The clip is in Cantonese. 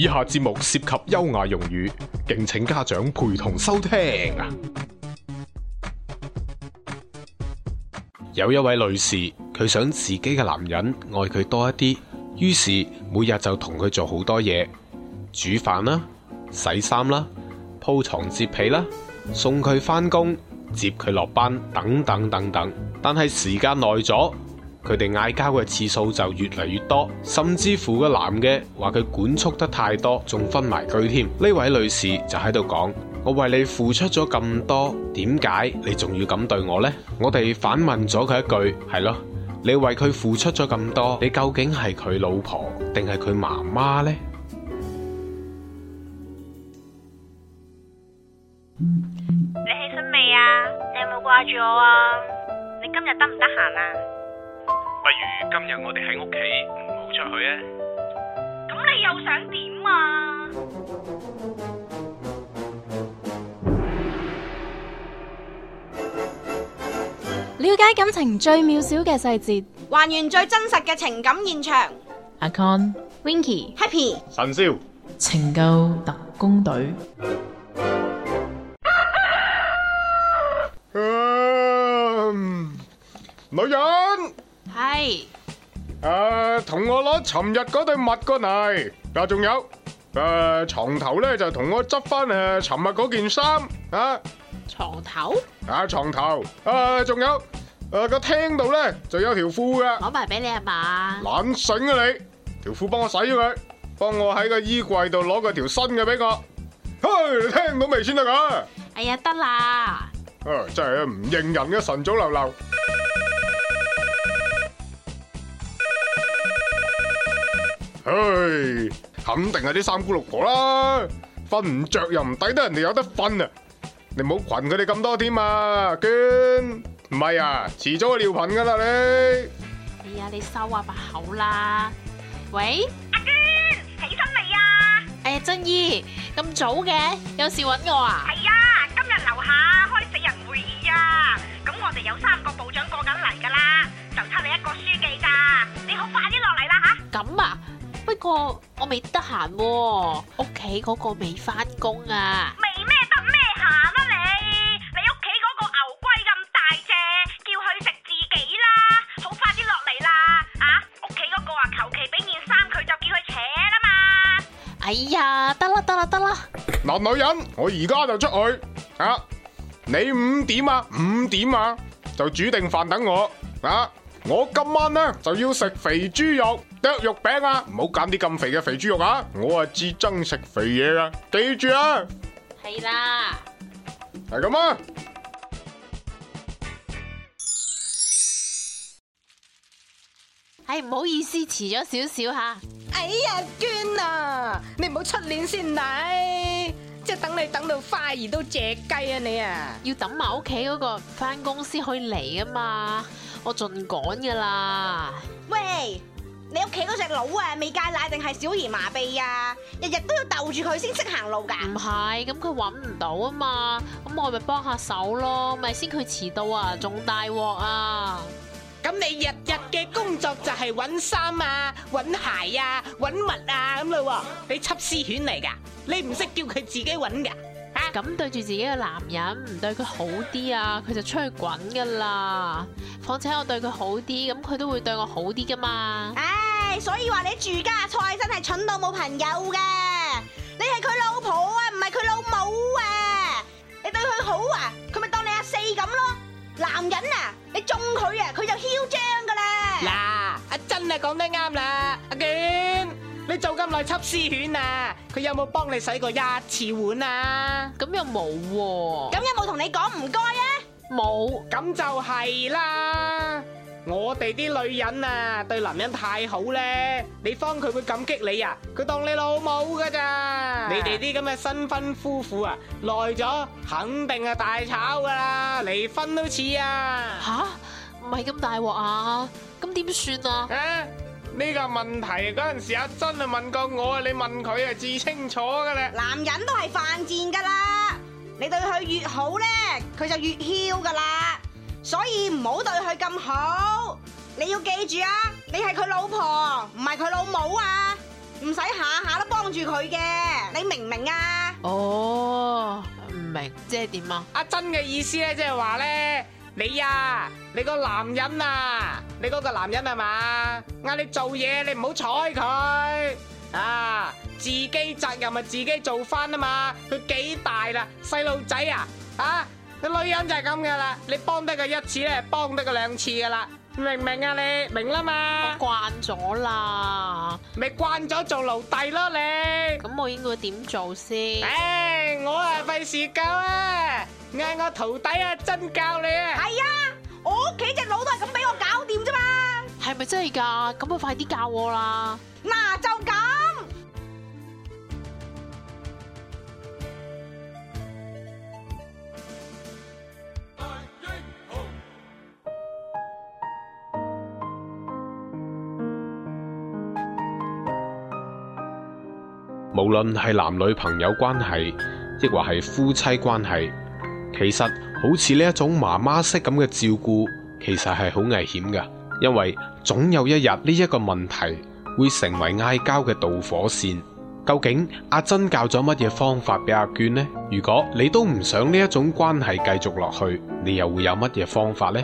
以下節目涉及優雅用語，敬請家長陪同收聽。有一位女士，佢想自己嘅男人愛佢多一啲，於是每日就同佢做好多嘢，煮飯啦、洗衫啦、鋪床摺被啦、送佢返工、接佢落班，等等等等。但係時間耐咗，佢哋嗌交嘅次數就越嚟越多，甚至乎個男嘅話佢管束得太多，仲分埋佢添。呢位女士就喺度講：我為你付出咗咁多，點解你仲要咁對我呢？我哋反問咗佢一句：係咯，你為佢付出咗咁多，你究竟係佢老婆定係佢媽媽呢？你起身未啊？你有冇掛住我啊？你今日得唔得閒啊？今日我哋喺屋企，唔好出去啊！咁你又想點啊？了解感情最渺小嘅細節，還原最真實嘅情感現場。阿 Con，Winky，Happy，神少，情救特工隊。女人。係是，誒、呃，同我攞尋日嗰對襪過嚟，啊，仲有，誒，床頭咧就同我執翻誒尋日嗰件衫啊，床頭，啊，床頭，啊，仲有，誒、呃，個廳度咧就有條褲噶，攞埋俾你吖嘛，懶醒啊你，條褲幫我洗咗佢，幫我喺個衣櫃度攞個條新嘅俾我，嘿，你聽到未先得㗎？哎呀，得啦，啊、呃，真係唔認人嘅晨早流流。唉，肯定係啲三姑六婆啦，瞓唔着又唔抵得人哋有得瞓啊！你唔好群佢哋咁多添啊，娟。唔係啊，遲早係尿頻噶啦你。哎呀，你收下把口啦。喂，阿娟，起身未啊？誒，珍姨，咁早嘅，有事搵我啊？係啊，今日樓下開四人會議啊，咁我哋有三個部長過緊嚟噶啦，就差你一個書記咋，你好快啲落嚟啦吓。咁啊？個我未得閒，屋企嗰個未翻工！啊！未咩得咩閒啊你？你屋企嗰個牛龜咁大隻，叫佢食自己啦，好快啲落嚟啦！啊，屋企嗰個啊，求其俾件衫佢就叫佢扯啦嘛！哎呀，得啦得啦得啦！男女人，我而家就出去啊！你五點啊？五點啊？就煮定飯等我啊！我今晚咧就要食肥豬肉剁肉餅啊！唔好揀啲咁肥嘅肥豬肉啊！我啊至憎食肥嘢噶，記住啊！係啦的，係咁啊！哎，唔好意思，遲咗少少吓。哎呀，娟啊，你唔好出年先，你即係等你等到花兒都謝雞啊你啊！要抌埋屋企嗰個，翻公司去嚟啊嘛。我盡趕噶啦！喂，你屋企嗰隻佬啊，未戒奶定係小兒麻痹啊？日日都要逗住佢先識行路噶。唔係，咁佢搵唔到啊嘛，咁我咪幫下手咯，咪先佢遲到啊，仲大鑊啊！咁你日日嘅工作就係搵衫啊、搵鞋啊、搵物啊咁咯，你緝私犬嚟噶，你唔識叫佢自己搵噶。咁對住自己嘅男人唔對佢好啲啊，佢就出去滾噶啦。況且我對佢好啲，咁佢都會對我好啲噶嘛。唉、哎，所以話你住家菜真係蠢到冇朋友嘅。你係佢老婆啊，唔係佢老母啊。你對佢好啊，佢咪當你阿四咁咯。男人啊，你縱佢啊，佢就囂張噶啦。嗱，阿珍啊，講得啱啦。耐緝私犬啊，佢有冇幫你洗過一次碗啊？咁又冇喎。咁有冇同你講唔該啊？冇。咁、啊、有就係啦。我哋啲女人啊，對男人太好咧，你幫佢會感激你呀、啊？佢當你老母噶咋？是你哋啲咁嘅新婚夫婦啊，耐咗肯定係大炒噶啦，離婚都似啊。吓，唔係咁大鑊啊？咁點算啊？呢個問題嗰陣時阿珍啊問過我啊，你問佢係至清楚噶啦。男人都係犯賤噶啦，你對佢越好咧，佢就越囂噶啦。所以唔好對佢咁好。你要記住啊，你係佢老婆，唔係佢老母啊，唔使下下都幫住佢嘅。你明唔明啊？哦，唔明，即係點啊？阿珍嘅意思咧，即係話咧，你啊，你個男人啊。你嗰個男人係嘛？嗌你做嘢，你唔好睬佢啊！自己責任咪自己做翻啊嘛！佢幾大啦，細路仔啊，吓！你女人就係咁噶啦，你幫得佢一次咧，幫得佢兩次噶啦，明唔明啊？你明啦嘛？慣咗啦，咪慣咗做奴隸咯你。咁我應該點做先？誒，我啊費事教啊，嗌我徒弟啊真教你啊。係啊，我屋企隻佬都係咁俾我教。咪真係噶咁啊快啲教我啦！嗱，就咁。無論係男女朋友關係，亦或係夫妻關係，其實好似呢一種媽媽式咁嘅照顧，其實係好危險噶。因為總有一日呢一個問題會成為嗌交嘅導火線。究竟阿珍教咗乜嘢方法俾阿娟呢？如果你都唔想呢一種關係繼續落去，你又會有乜嘢方法呢？